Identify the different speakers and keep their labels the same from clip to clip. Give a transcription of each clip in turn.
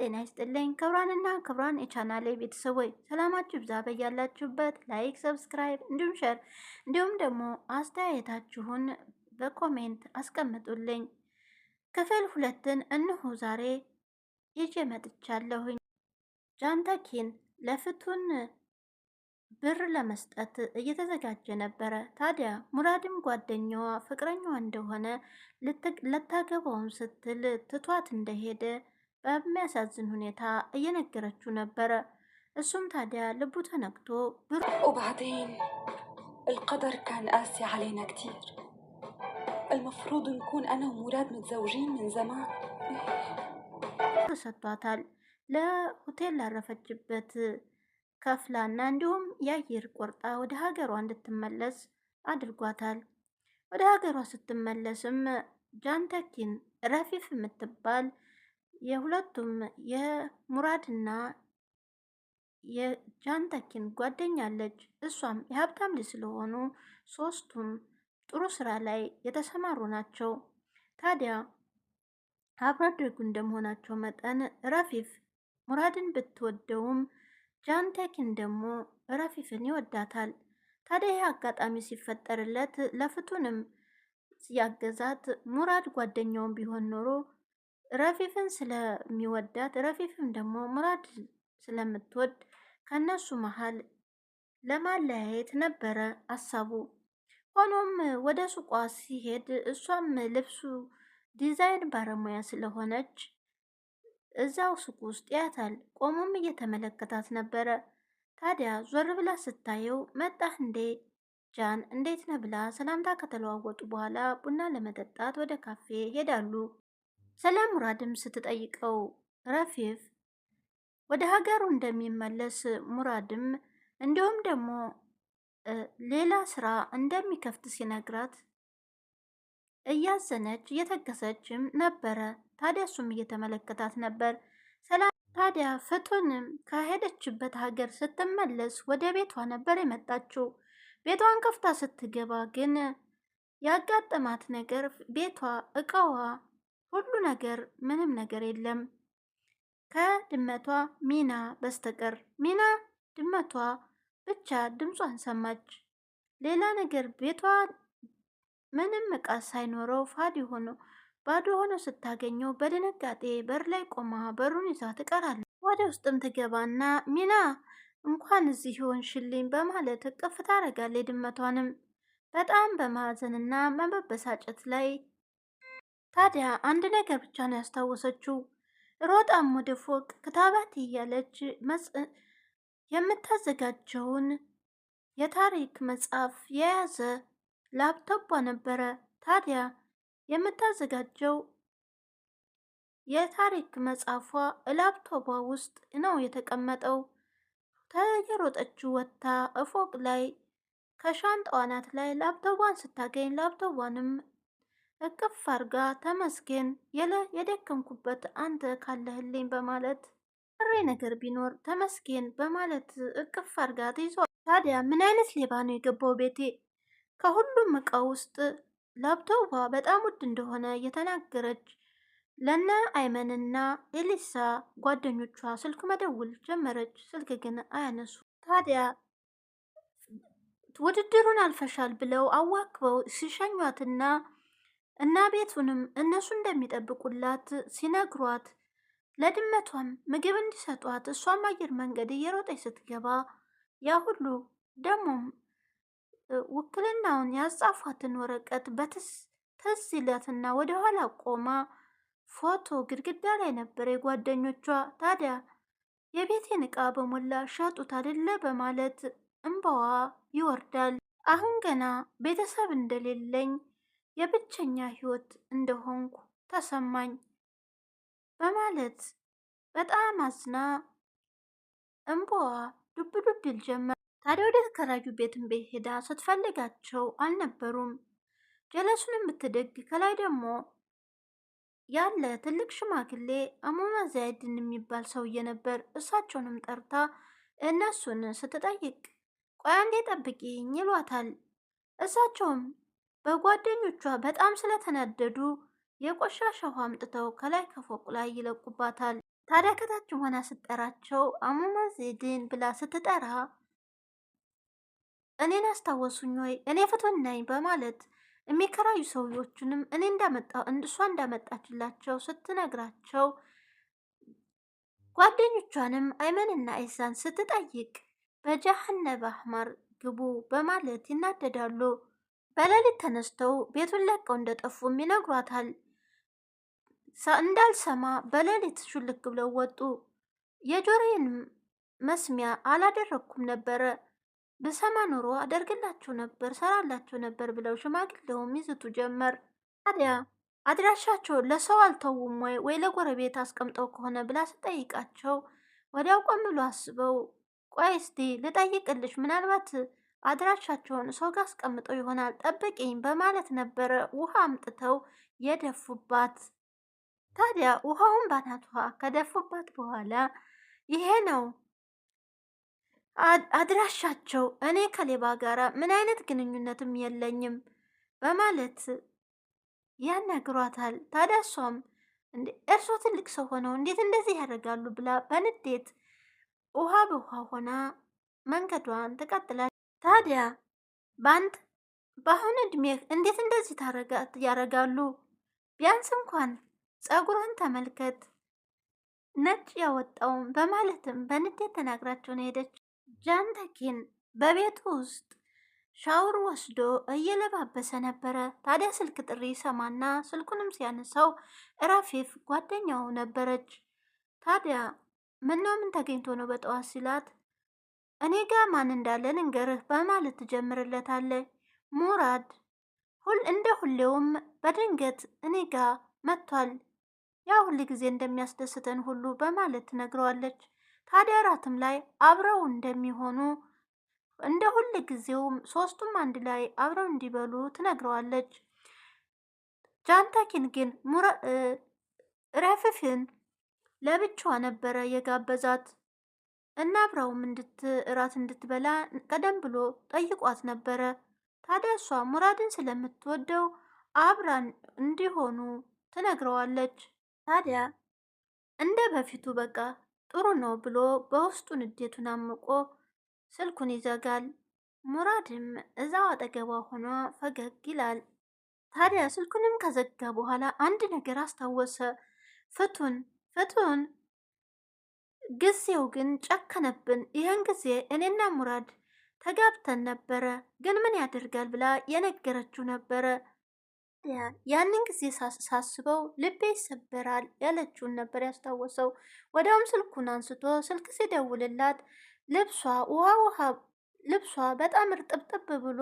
Speaker 1: ጤና ይስጥልኝ ክብራንና ክብራን የቻናሌ ቤተሰቦች ሰላማችሁ ብዛ በያላችሁበት። ላይክ፣ ሰብስክራይብ እንዲሁም ሸር እንዲሁም ደግሞ አስተያየታችሁን በኮሜንት አስቀምጡልኝ። ክፍል ሁለትን እንሆ ዛሬ ይዤ መጥቻለሁኝ። ጃንተኪን ለፍቱን ብር ለመስጠት እየተዘጋጀ ነበረ። ታዲያ ሙራድም ጓደኛዋ ፍቅረኛዋ እንደሆነ ልታገባውም ስትል ትቷት እንደሄደ በሚያሳዝን ሁኔታ እየነገረችው ነበረ። እሱም ታዲያ ልቡ ተነክቶ
Speaker 2: ብሩ وبعدين القدر كان قاسي علينا كتير المفروض نكون انا ومراد متزوجين من زمان
Speaker 1: ተሰጥቷታል። ለሆቴል ላረፈችበት ከፍላና እንዲሁም የአየር ቆርጣ ወደ ሀገሯ እንድትመለስ አድርጓታል። ወደ ሀገሯ ስትመለስም ጃንተኪን ረፊፍ የምትባል የሁለቱም የሙራድና የጃንተኪን ጓደኛ አለች። እሷም የሀብታም ልጅ ስለሆኑ ሶስቱም ጥሩ ስራ ላይ የተሰማሩ ናቸው። ታዲያ አብሮ አደጉ እንደመሆናቸው መጠን ረፊፍ ሙራድን ብትወደውም ጃንተኪን ደግሞ ረፊፍን ይወዳታል። ታዲያ ይህ አጋጣሚ ሲፈጠርለት ለፍቱንም ያገዛት ሙራድ ጓደኛውን ቢሆን ኖሮ ረፊፍን ስለሚወዳት ረፊፍም ደግሞ ሙራድ ስለምትወድ ከነሱ መሀል ለማለያየት ነበረ አሳቡ። ሆኖም ወደ ሱቋ ሲሄድ እሷም ልብሱ ዲዛይን ባለሙያ ስለሆነች እዛው ሱቅ ውስጥ ያታል። ቆሞም እየተመለከታት ነበረ። ታዲያ ዞር ብላ ስታየው መጣህ እንዴ ጃን እንዴት ነህ ብላ ሰላምታ ከተለዋወጡ በኋላ ቡና ለመጠጣት ወደ ካፌ ሄዳሉ። ስለ ሙራድም ስትጠይቀው ረፊፍ ወደ ሀገሩ እንደሚመለስ ሙራድም እንዲሁም ደግሞ ሌላ ስራ እንደሚከፍት ሲነግራት እያዘነች እየተከሰችም ነበረ። ታዲያ እሱም እየተመለከታት ነበር። ታዲያ ፍቱንም ከሄደችበት ሀገር ስትመለስ ወደ ቤቷ ነበር የመጣችው። ቤቷን ከፍታ ስትገባ ግን ያጋጠማት ነገር ቤቷ እቃዋ ሁሉ ነገር ምንም ነገር የለም ከድመቷ ሚና በስተቀር። ሚና ድመቷ ብቻ ድምጿን ሰማች። ሌላ ነገር ቤቷ ምንም እቃ ሳይኖረው ፋድ ሆኖ ባዶ ሆኖ ስታገኘው በድንጋጤ በር ላይ ቆማ በሩን ይዛ ትቀራለች። ወደ ውስጥም ትገባና ሚና እንኳን እዚህ ይሆንሽልኝ በማለት እቅፍ ታደርጋለች። ድመቷንም በጣም በማዘንና መበበሳጨት ላይ ታዲያ አንድ ነገር ብቻ ነው ያስታወሰችው። ሮጣም ወደ ፎቅ ክታባት እያለች የምታዘጋጀውን የታሪክ መጽሐፍ የያዘ ላፕቶፕ ነበረ። ታዲያ የምታዘጋጀው የታሪክ መጽሐፏ ላፕቶቧ ውስጥ ነው የተቀመጠው። ተየሮጠችው ወጥታ እፎቅ ላይ ከሻንጣዋ አናት ላይ ላፕቶቧን ስታገኝ ላፕቶቧንም እቅፍ አርጋ ተመስገን የለ የደከምኩበት አንተ ካለህልኝ በማለት ጥሬ ነገር ቢኖር ተመስገን በማለት እቅፍ አርጋ ትይዟል። ታዲያ ምን አይነት ሌባ ነው የገባው ቤቴ? ከሁሉም እቃ ውስጥ ላፕቶቧ በጣም ውድ እንደሆነ የተናገረች ለነ አይመንና ኤሊሳ ጓደኞቿ ስልክ መደውል ጀመረች። ስልክ ግን አያነሱ። ታዲያ ውድድሩን አልፈሻል ብለው አዋክበው ሲሸኟትና እና ቤቱንም እነሱ እንደሚጠብቁላት ሲነግሯት ለድመቷም ምግብ እንዲሰጧት እሷም አየር መንገድ እየሮጠች ስትገባ ያ ሁሉ ደግሞም ውክልናውን ያጻፏትን ወረቀት በትዝ ይላትና ወደኋላ ቆማ ፎቶ ግድግዳ ላይ ነበረ የጓደኞቿ። ታዲያ የቤቴን ዕቃ በሞላ ሸጡት አደለ በማለት እንባዋ ይወርዳል። አሁን ገና ቤተሰብ እንደሌለኝ የብቸኛ ህይወት እንደሆንኩ ተሰማኝ በማለት በጣም አዝና እንቦዋ ዱብ ዱብ ይል ጀመር። ታዲያ ወደ ተከራዩ ቤትን ሄዳ ስትፈልጋቸው አልነበሩም። ጀለሱን የምትደግ ከላይ ደግሞ ያለ ትልቅ ሽማግሌ አሞማ ዘያድን የሚባል ሰውዬ ነበር። እሳቸውንም ጠርታ እነሱን ስትጠይቅ ቆይ አንዴ ጠብቂኝ ይሏታል። እሳቸውም በጓደኞቿ በጣም ስለተናደዱ የቆሻሻ ውሃ አምጥተው ከላይ ከፎቅ ላይ ይለቁባታል። ታዲያ ከታች ሆና ስጠራቸው አሙማ ዜድን ብላ ስትጠራ እኔን አስታወሱኝ ወይ እኔ ፍቱን ነኝ በማለት የሚከራዩ ሰውዮቹንም እኔ እንዳመጣ እንድሷ እንዳመጣችላቸው ስትነግራቸው ጓደኞቿንም አይመንና ኢሳን ስትጠይቅ በጀሃነብ አህማር ግቡ በማለት ይናደዳሉ። በሌሊት ተነስተው ቤቱን ለቀው እንደጠፉም ይነግሯታል። እንዳልሰማ በሌሊት ሹልክ ብለው ወጡ። የጆሮዬንም መስሚያ አላደረግኩም ነበረ፣ ብሰማ ኑሮ አደርግላችሁ ነበር፣ ሰራላችሁ ነበር ብለው ሽማግሌውም ይዝቱ ጀመር። ታዲያ አድራሻቸውን ለሰው አልተውም ወይ ወይ ለጎረቤት አስቀምጠው ከሆነ ብላ ስጠይቃቸው ወዲያው ቆም ብሎ አስበው ቆይ እስቲ ልጠይቅልሽ ምናልባት አድራሻቸውን ሰው ጋር አስቀምጠው ይሆናል ጠብቂኝ በማለት ነበረ ውሃ አምጥተው የደፉባት። ታዲያ ውሃውን ባናቷ ከደፉባት በኋላ ይሄ ነው አድራሻቸው፣ እኔ ከሌባ ጋር ምን አይነት ግንኙነትም የለኝም በማለት ያናግሯታል። ታዲያ እሷም እርሶ ትልቅ ሰው ሆነው እንዴት እንደዚህ ያደርጋሉ ብላ በንዴት ውሃ በውሃ ሆና መንገዷን ትቀጥላለች። ታዲያ በአንድ በአሁኑ እድሜህ እንዴት እንደዚህ ያደርጋሉ? ቢያንስ እንኳን ጸጉርህን ተመልከት ነጭ ያወጣውም በማለትም በንዴት ተናግራቸውን ሄደች። ጃንተኪን በቤቱ ውስጥ ሻወር ወስዶ እየለባበሰ ነበረ። ታዲያ ስልክ ጥሪ ሰማና ስልኩንም ሲያነሳው ራፊፍ ጓደኛው ነበረች። ታዲያ ምነው ምን ተገኝቶ ነው በጠዋት ሲላት እኔ ጋር ማን እንዳለ ልንገርህ በማለት ትጀምርለታለች። ሙራድ ሁል እንደ ሁሌውም በድንገት እኔ ጋ መጥቷል፣ ያ ሁል ጊዜ እንደሚያስደስተን ሁሉ በማለት ትነግረዋለች። ታዲያ እራትም ላይ አብረው እንደሚሆኑ እንደ ሁል ጊዜውም ሶስቱም አንድ ላይ አብረው እንዲበሉ ትነግረዋለች። ጃንታኪን ግን ረፍፍን ለብቻዋ ነበረ የጋበዛት። እና አብራውም እንድት እራት እንድትበላ ቀደም ብሎ ጠይቋት ነበረ። ታዲያ እሷ ሙራድን ስለምትወደው አብራን እንዲሆኑ ትነግረዋለች። ታዲያ እንደ በፊቱ በቃ ጥሩ ነው ብሎ በውስጡ ንዴቱን አምቆ ስልኩን ይዘጋል። ሙራድም እዛው አጠገቧ ሆኖ ፈገግ ይላል። ታዲያ ስልኩንም ከዘጋ በኋላ አንድ ነገር አስታወሰ። ፍቱን ፍቱን ጊዜው ግን ጨከነብን። ይህን ጊዜ እኔና ሙራድ ተጋብተን ነበረ፣ ግን ምን ያደርጋል ብላ የነገረችው ነበረ። ያንን ጊዜ ሳስበው ልቤ ይሰበራል ያለችውን ነበር ያስታወሰው። ወዲያውም ስልኩን አንስቶ ስልክ ሲደውልላት ልብሷ ውሃ ውሃ ልብሷ በጣም እርጥብጥብ ብሎ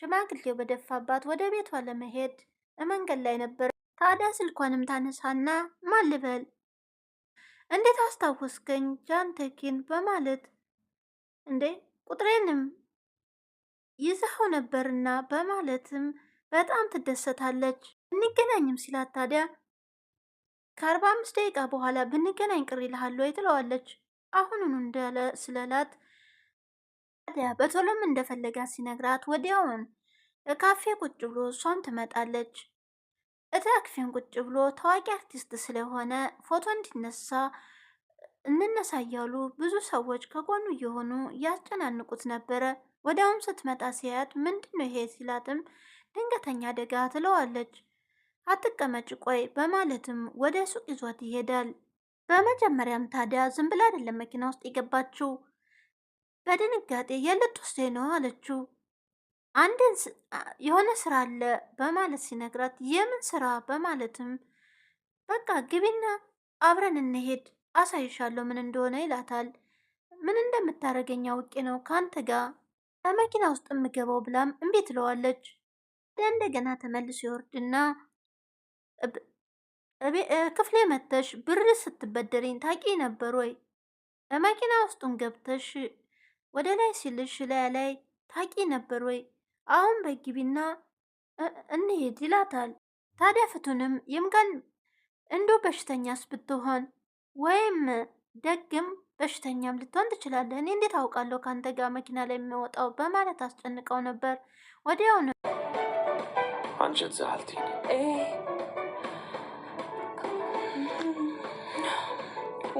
Speaker 1: ሽማግሌው በደፋባት ወደ ቤቷ ለመሄድ መንገድ ላይ ነበር። ታዲያ ስልኳንም ታነሳና ማልበል! እንዴት አስታወስከኝ ጃንተኪን በማለት እንዴ ቁጥሬንም ይዛው ነበርና በማለትም በጣም ትደሰታለች። እንገናኝም ሲላት ታዲያ ከአርባ አምስት ደቂቃ በኋላ ብንገናኝ ቅር ይልሃል ወይ ትለዋለች። አሁኑኑ እንዳለ ስለላት ታዲያ በቶሎም እንደፈለጋት ሲነግራት ወዲያውን ካፌ ቁጭ ብሎ እሷም ትመጣለች። እታክፌን ቁጭ ብሎ ታዋቂ አርቲስት ስለሆነ ፎቶ እንዲነሳ እንነሳ እያሉ ብዙ ሰዎች ከጎኑ እየሆኑ ያስጨናንቁት ነበረ። ወዲያውም ስትመጣ ሲያያት ምንድን ነው ይሄ ሲላትም ድንገተኛ አደጋ ትለዋለች። አትቀመጭ ቆይ በማለትም ወደ ሱቅ ይዟት ይሄዳል። በመጀመሪያም ታዲያ ዝም ብላ አይደለም መኪና ውስጥ የገባችው። በድንጋጤ የልትወስደኝ ነው አለችው። አንድን የሆነ ስራ አለ በማለት ሲነግራት የምን ስራ በማለትም በቃ ግቢና አብረን እንሄድ አሳይሻለሁ ምን እንደሆነ ይላታል። ምን እንደምታደርገኝ አውቄ ነው ከአንተ ጋር በመኪና ውስጥ የምገባው ብላም እምቢ ትለዋለች። እንደገና ተመልሶ ይወርድና ክፍሌ መተሽ ብር ስትበደርኝ ታቂ ነበር ወይ? በመኪና ውስጡን ገብተሽ ወደ ላይ ሲልሽ ላያ ላይ ታቂ ነበር ወይ? አሁን በግቢና እንሄድ ይላታል። ታዲያ ፍቱንም የምቀን እንዶ በሽተኛስ ብትሆን ወይም ደግም በሽተኛም ልትሆን ትችላለህ። እኔ እንዴት አውቃለሁ ከአንተ ጋር መኪና ላይ የሚወጣው በማለት አስጨንቀው ነበር። ወዲያውኑ አንጀት ዛልቲ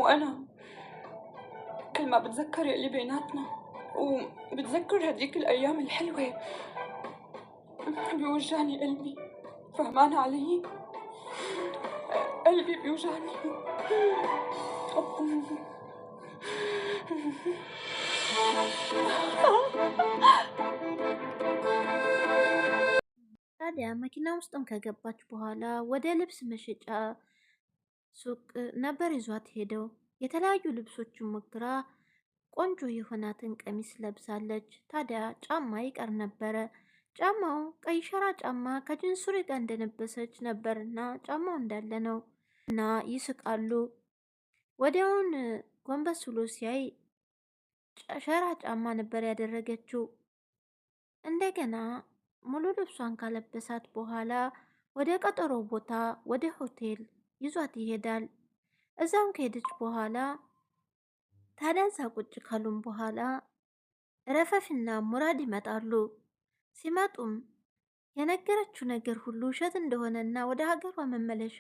Speaker 1: ዋና ከልማ ብትዘከር የሊቤናት ነው وبتذكر هديك الأيام الحلوة بيوجعني قلبي فهمان علي؟ قلبي بيوجعني ታዲያ መኪና ውስጥም ከገባች በኋላ ወደ ልብስ መሸጫ ሱቅ ነበር ይዟት ሄደው የተለያዩ ልብሶችን ሞክራ ቆንጆ የሆናትን ቀሚስ ለብሳለች። ታዲያ ጫማ ይቀር ነበረ። ጫማው ቀይ ሸራ ጫማ ከጅንስ ሱሪ ጋር እንደነበሰች ነበርና ጫማው እንዳለ ነው እና ይስቃሉ። ወዲያውን ጎንበስ ብሎ ሲያይ ሸራ ጫማ ነበር ያደረገችው። እንደገና ሙሉ ልብሷን ካለበሳት በኋላ ወደ ቀጠሮ ቦታ ወደ ሆቴል ይዟት ይሄዳል። እዛም ከሄደች በኋላ ታዲያ እዛ ቁጭ ካሉም በኋላ ረፈፍና ሙራድ ይመጣሉ። ሲመጡም የነገረችው ነገር ሁሉ ውሸት እንደሆነና ወደ ሀገሯ መመለሻ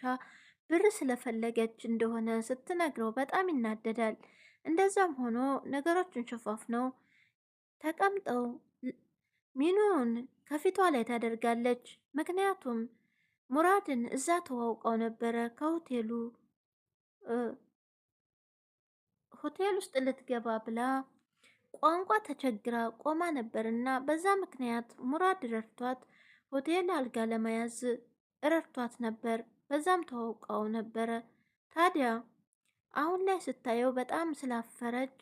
Speaker 1: ብር ስለፈለገች እንደሆነ ስትነግረው በጣም ይናደዳል። እንደዛም ሆኖ ነገሮችን ሸፋፍነው ተቀምጠው ሚኑን ከፊቷ ላይ ታደርጋለች። ምክንያቱም ሙራድን እዛ ተዋውቀው ነበረ ከሆቴሉ ሆቴል ውስጥ ልትገባ ብላ ቋንቋ ተቸግራ ቆማ ነበርና በዛ ምክንያት ሙራድ ረድቷት ሆቴል አልጋ ለመያዝ ረድቷት ነበር። በዛም ተዋውቀው ነበረ። ታዲያ አሁን ላይ ስታየው በጣም ስላፈረች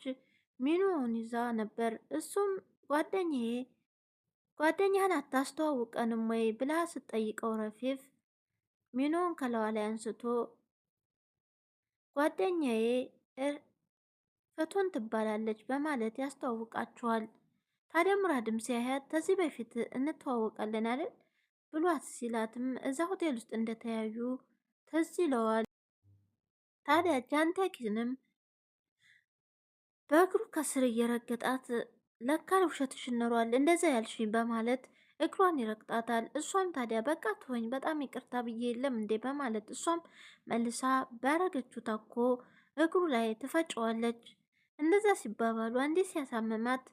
Speaker 1: ሚኑን ይዛ ነበር። እሱም ጓደኛዬ ጓደኛህን አታስተዋውቀንም ወይ ብላ ስትጠይቀው ረፊፍ ሚኖን ከለዋ ላይ አንስቶ ጓደኛዬ ፈቶን ትባላለች በማለት ያስተዋውቃቸዋል። ታዲያ ሙራድም ሲያያት ከዚህ በፊት እንተዋወቃለን አይደል ብሏት ሲላትም እዛ ሆቴል ውስጥ እንደተያዩ ትዝ ይለዋል። ታዲያ ጃንቴኪንም በእግሩ ከስር እየረገጣት ለካ ውሸትሽ እኖሯል እንደዛ ያልሽኝ በማለት እግሯን ይረግጣታል። እሷም ታዲያ በቃ ትሆኝ በጣም ይቅርታ ብዬ የለም እንዴ በማለት እሷም መልሳ በረገችው ታኮ እግሩ ላይ ትፈጨዋለች። እንደዛ ሲባባሉ አንዴ ሲያሳምማት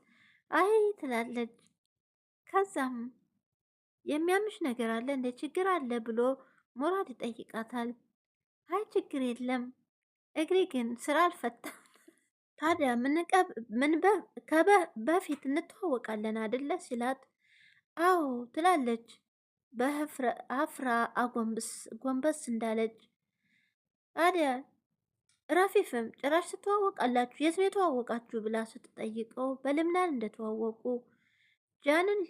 Speaker 1: አይ ትላለች። ከዛም የሚያምሽ ነገር አለ እንደ ችግር አለ ብሎ ሞራል ይጠይቃታል። አይ ችግር የለም እግሬ ግን ስራ አልፈታም። ታዲያ ምን በፊት እንተዋወቃለን አደለ ሲላት አዎ ትላለች። በአፍራ አጎንበስ ጎንበስ እንዳለች ታዲያ ራፊፍም ጭራሽ ትተዋወቃላችሁ የት ነው የተዋወቃችሁ ብላ ስትጠይቀው በልምናን እንደተዋወቁ ጃንን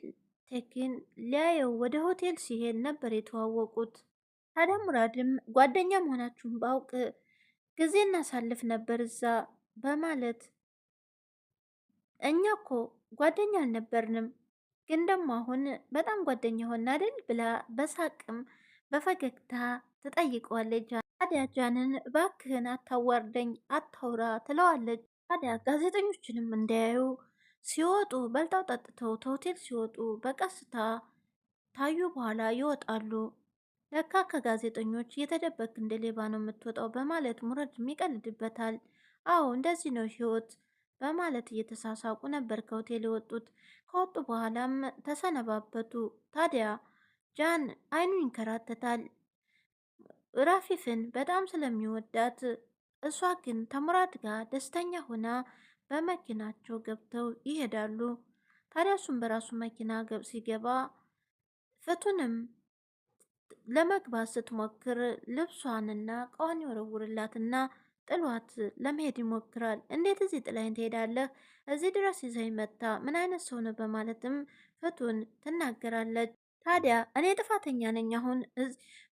Speaker 1: ቴኪን ሊያየው ወደ ሆቴል ሲሄድ ነበር የተዋወቁት። ታዲያ ሙራድም ጓደኛ መሆናችሁን ባውቅ ጊዜ እናሳልፍ ነበር እዛ በማለት እኛ እኮ ጓደኛ አልነበርንም፣ ግን ደግሞ አሁን በጣም ጓደኛ ሆን አይደል ብላ በሳቅም በፈገግታ ትጠይቀዋለች። ታዲያ ጃንን እባክህን አታዋርደኝ፣ አታውራ ትለዋለች። ታዲያ ጋዜጠኞችንም እንዲያዩ ሲወጡ በልተው ጠጥተው ተሆቴል ሲወጡ በቀስታ ታዩ በኋላ ይወጣሉ። ለካ ከጋዜጠኞች እየተደበክ እንደ ሌባ ነው የምትወጣው በማለት ሙረድም ይቀልድበታል። አዎ እንደዚህ ነው ህይወት በማለት እየተሳሳቁ ነበር ከሆቴል የወጡት። ከወጡ በኋላም ተሰነባበቱ። ታዲያ ጃን አይኑ ይንከራተታል። ራፊፍን በጣም ስለሚወዳት እሷ ግን ተሙራት ጋር ደስተኛ ሆና በመኪናቸው ገብተው ይሄዳሉ። ታዲያ እሱም በራሱ መኪና ገብ ሲገባ ፍቱንም ለመግባት ስትሞክር ልብሷንና ቃዋን ይወረውርላትና ጥሏት ለመሄድ ይሞክራል። እንዴት እዚህ ጥላይን ትሄዳለህ? እዚህ ድረስ ይዘኝ መታ ምን አይነት ሰው ነው? በማለትም ፍቱን ትናገራለች። ታዲያ እኔ ጥፋተኛ ነኝ አሁን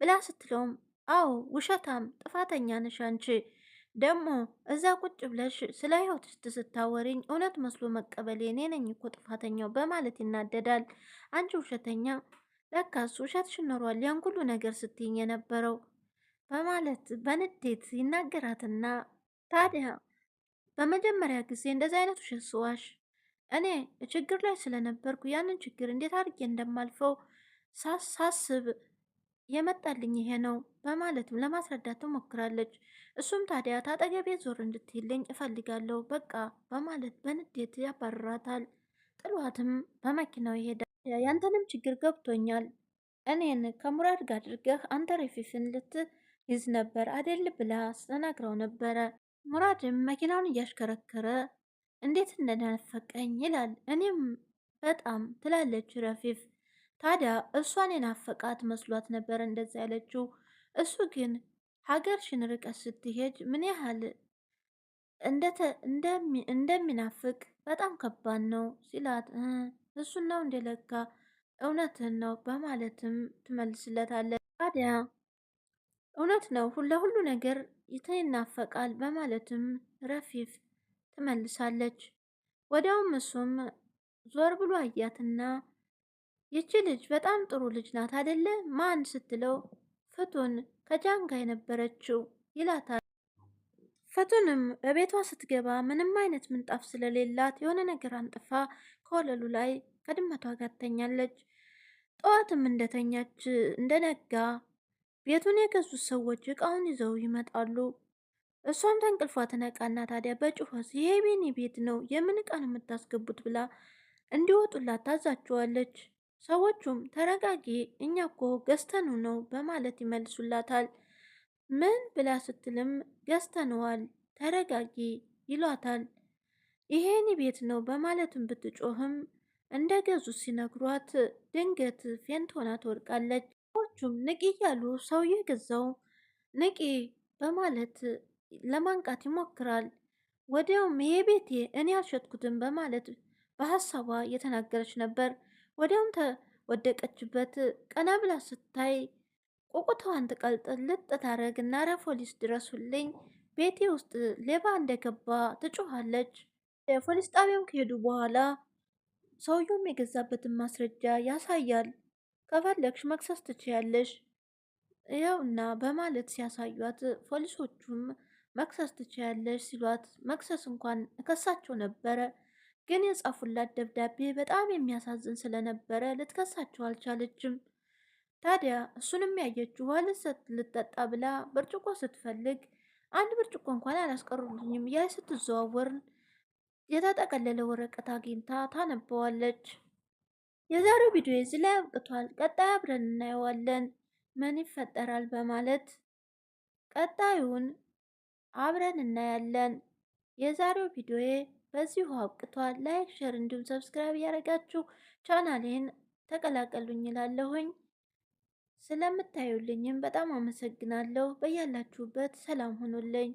Speaker 1: ብላ ስትለውም አዎ ውሸታም ጥፋተኛ ነሽ አንቺ። ደግሞ እዛ ቁጭ ብለሽ ስለ ህይወትሽ ስታወሪኝ እውነት መስሎ መቀበሌ እኔ ነኝ እኮ ጥፋተኛው በማለት ይናደዳል። አንቺ ውሸተኛ፣ ለካስ ውሸትሽ ኖሯል ያን ሁሉ ነገር ስትይኝ የነበረው በማለት በንዴት ይናገራትና ታዲያ በመጀመሪያ ጊዜ እንደዚህ አይነት ውሸት ስዋሽ እኔ ችግር ላይ ስለነበርኩ ያንን ችግር እንዴት አድርጌ እንደማልፈው ሳስብ የመጣልኝ ይሄ ነው በማለትም ለማስረዳት ትሞክራለች። እሱም ታዲያ ታጠገቤ ዞር እንድትይልኝ እፈልጋለሁ በቃ በማለት በንዴት ያባርራታል። ጥሏትም በመኪናው ይሄዳል። ያንተንም ችግር ገብቶኛል። እኔን ከሙራድ ጋር አድርገህ አንተ ረፊፍን ልትይዝ ነበር አደል ብላ አስተናግረው ነበረ። ሙራድም መኪናውን እያሽከረከረ እንዴት እንደናፈቀኝ ይላል። እኔም በጣም ትላለች ረፊፍ ታዲያ እሷን የናፈቃት መስሏት ነበር እንደዛ ያለችው። እሱ ግን ሀገርሽን ርቀት ስትሄድ ምን ያህል እንደሚናፍቅ በጣም ከባድ ነው ሲላት፣ እሱን ነው እንደለካ እውነትን ነው በማለትም ትመልስለታለች። ታዲያ እውነት ነው ለሁሉ ነገር ይተይናፈቃል በማለትም ረፊፍ ትመልሳለች። ወዲያውም እሱም ዞር ብሎ አያትና ይቺ ልጅ በጣም ጥሩ ልጅ ናት አደለ? ማን ስትለው ፍቱን ከጃን ጋር የነበረችው ይላታል። ፍቱንም በቤቷ ስትገባ ምንም አይነት ምንጣፍ ስለሌላት የሆነ ነገር አንጥፋ ከወለሉ ላይ ከድመቷ ጋር ተኛለች። ጠዋትም እንደተኛች እንደነጋ ቤቱን የገዙት ሰዎች እቃውን ይዘው ይመጣሉ። እሷም ተንቅልፏ ትነቃና ታዲያ በጩኸት ይሄ ቤኔ ቤት ነው የምን ነው የምታስገቡት ብላ እንዲወጡላት ታዛቸዋለች። ሰዎቹም ተረጋጊ እኛ እኮ ገዝተኑ ነው በማለት ይመልሱላታል። ምን ብላ ስትልም ገዝተነዋል ተረጋጊ ይሏታል። ይሄን ቤት ነው በማለትም ብትጮህም እንደ ገዙ ሲነግሯት ድንገት ፌንቶና ትወድቃለች። ሰዎቹም ንቂ እያሉ ሰውዬ ገዛው ንቂ በማለት ለማንቃት ይሞክራል። ወዲያውም ይሄ ቤቴ እኔ አልሸጥኩትም በማለት በሀሳቧ እየተናገረች ነበር። ወዲያውም ተወደቀችበት። ቀና ብላ ስታይ ቁቁተዋን ትቀልጥልጥ ታረግና ኧረ ፖሊስ ድረሱልኝ፣ ቤቴ ውስጥ ሌባ እንደገባ ትጮኋለች። ፖሊስ ጣቢያም ከሄዱ በኋላ ሰውየውም የገዛበትን ማስረጃ ያሳያል። ከፈለግሽ መክሰስ ትችያለሽ ያውና በማለት ሲያሳዩት ፖሊሶቹም መክሰስ ትችያለሽ ሲሏት መክሰስ እንኳን እከሳቸው ነበረ። ግን የጻፉላት ደብዳቤ በጣም የሚያሳዝን ስለነበረ ልትከሳቸው አልቻለችም። ታዲያ እሱንም ያየችው ውሃ ልጠጣ ብላ ብርጭቆ ስትፈልግ አንድ ብርጭቆ እንኳን አላስቀሩልኝም እያለ ስትዘዋወር የተጠቀለለ ወረቀት አግኝታ ታነበዋለች። የዛሬው ቪዲዮ እዚህ ላይ አብቅቷል። ቀጣይ አብረን እናየዋለን ምን ይፈጠራል በማለት ቀጣዩን አብረን እናያለን። የዛሬው ቪዲዮዬ በዚሁ አብቅቷል። ላይክ፣ ሸር እንዲሁም ሰብስክራይብ እያደረጋችሁ ቻናሌን ተቀላቀሉኝ ይላለሁኝ። ስለምታዩልኝም በጣም አመሰግናለሁ። በያላችሁበት ሰላም ሆኖልኝ